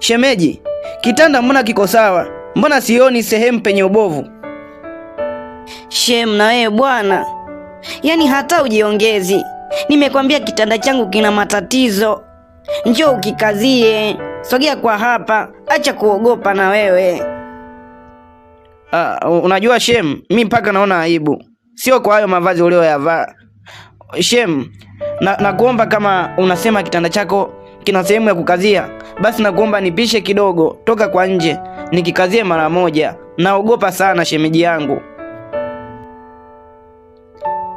Shemeji, kitanda mbona kiko sawa? Mbona sioni sehemu penye ubovu? Shem, na wewe bwana, yaani hata ujiongezi. Nimekwambia kitanda changu kina matatizo, njoo ukikazie. Sogea kwa hapa, acha kuogopa na wewe. Uh, unajua Shem, mi mpaka naona aibu, sio kwa hayo mavazi ulioyavaa Shem. Na, nakuomba kama unasema kitanda chako kina sehemu ya kukazia, basi nakuomba nipishe kidogo, toka kwa nje nikikazie mara moja, naogopa sana shemeji yangu.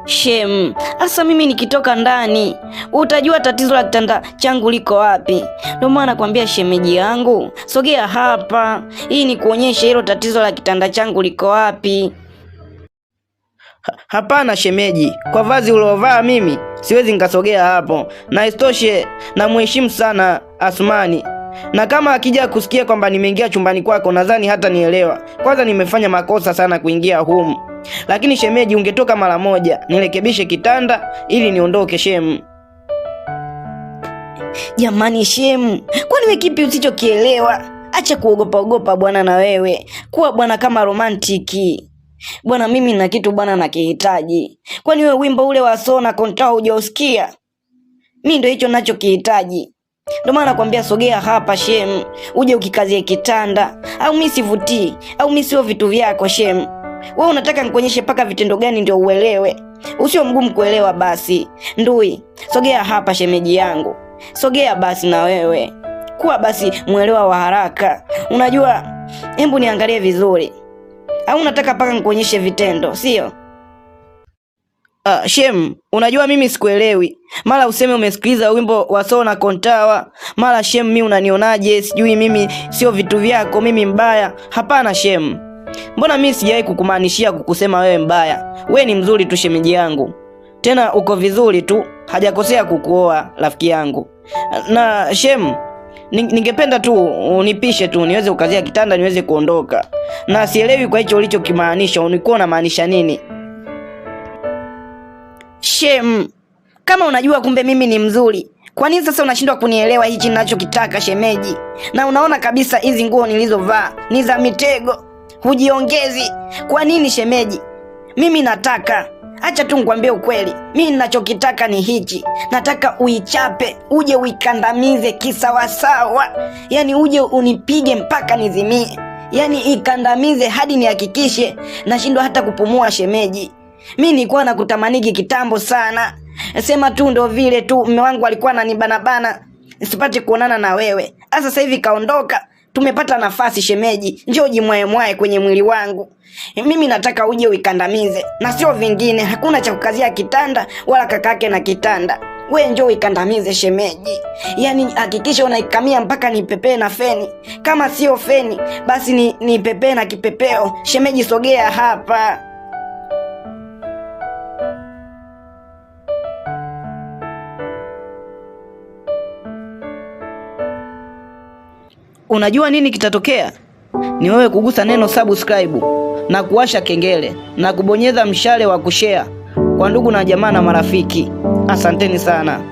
Shem, asa mimi nikitoka ndani utajua tatizo la kitanda changu liko wapi. Ndio maana nakwambia shemeji yangu, sogea hapa, hii ni kuonyesha hilo tatizo la kitanda changu liko wapi. Hapana shemeji, kwa vazi uliovaa mimi siwezi nikasogea hapo, na isitoshe namheshimu sana Asumani, na kama akija kusikia kwamba nimeingia chumbani kwako nadhani hata nielewa. Kwanza nimefanya makosa sana kuingia humu, lakini shemeji, ungetoka mara moja nirekebishe kitanda ili niondoke. Shemu jamani, shemu, kwani we kipi usichokielewa? Acha kuogopa ogopa bwana, na wewe kuwa bwana kama romantiki Bwana, mimi na kitu bwana nakihitaji. Kwani wewe wimbo ule wa Sona Kontra hujausikia? Mimi ndio hicho ninachokihitaji. Ndio maana nakwambia sogea hapa shem, uje ukikazie kitanda, au mimi sivutii, au mimi sio vitu vyako shem. Wewe unataka nikuonyeshe paka vitendo gani ndio uelewe? Usio mgumu kuelewa basi. Ndui, sogea hapa shemeji yangu. Sogea basi na wewe. Kuwa basi mwelewa wa haraka. Unajua, hebu niangalie vizuri au unataka mpaka nikuonyeshe vitendo, sio? Uh, Shem, unajua mimi sikuelewi. Mara useme umesikiliza wimbo wa sona na Kontawa, mara Shem, mi unanionaje? Sijui mimi sio vitu vyako, mimi mbaya. Hapana Shem, mbona mimi sijawahi kukumaanishia kukusema wewe mbaya. We ni mzuri tu shemeji yangu, tena uko vizuri tu, hajakosea kukuoa rafiki yangu. Na Shem ningependa tu unipishe tu niweze kukazia kitanda niweze kuondoka, na sielewi kwa hicho ulichokimaanisha, ulikuwa unamaanisha nini? Shem, kama unajua kumbe mimi ni mzuri, kwa nini sasa unashindwa kunielewa hichi ninachokitaka shemeji? Na unaona kabisa hizi nguo nilizovaa ni za mitego, hujiongezi. Kwa nini shemeji? Mimi nataka acha tu nikwambie ukweli, mi ninachokitaka ni hichi, nataka uichape, uje uikandamize kisawasawa, yani uje unipige mpaka nizimie, yani ikandamize hadi nihakikishe nashindwa hata kupumua. Shemeji, mi nilikuwa nakutamaniki kitambo sana, sema tu ndo vile tu mme wangu alikuwa ananibanabana nisipate kuonana na wewe. Sasa hivi kaondoka tumepata nafasi shemeji, njoo mwae kwenye mwili wangu. Mimi nataka uje uikandamize na sio vingine. Hakuna cha kukazia kitanda wala kakake na kitanda, we njoo uikandamize shemeji. Yani hakikisha unaikamia mpaka nipepee na feni, kama sio feni basi ni nipepee na kipepeo. Shemeji, sogea hapa. Unajua nini kitatokea? Ni wewe kugusa neno subscribe na kuwasha kengele na kubonyeza mshale wa kushare kwa ndugu na jamaa na marafiki. Asanteni sana.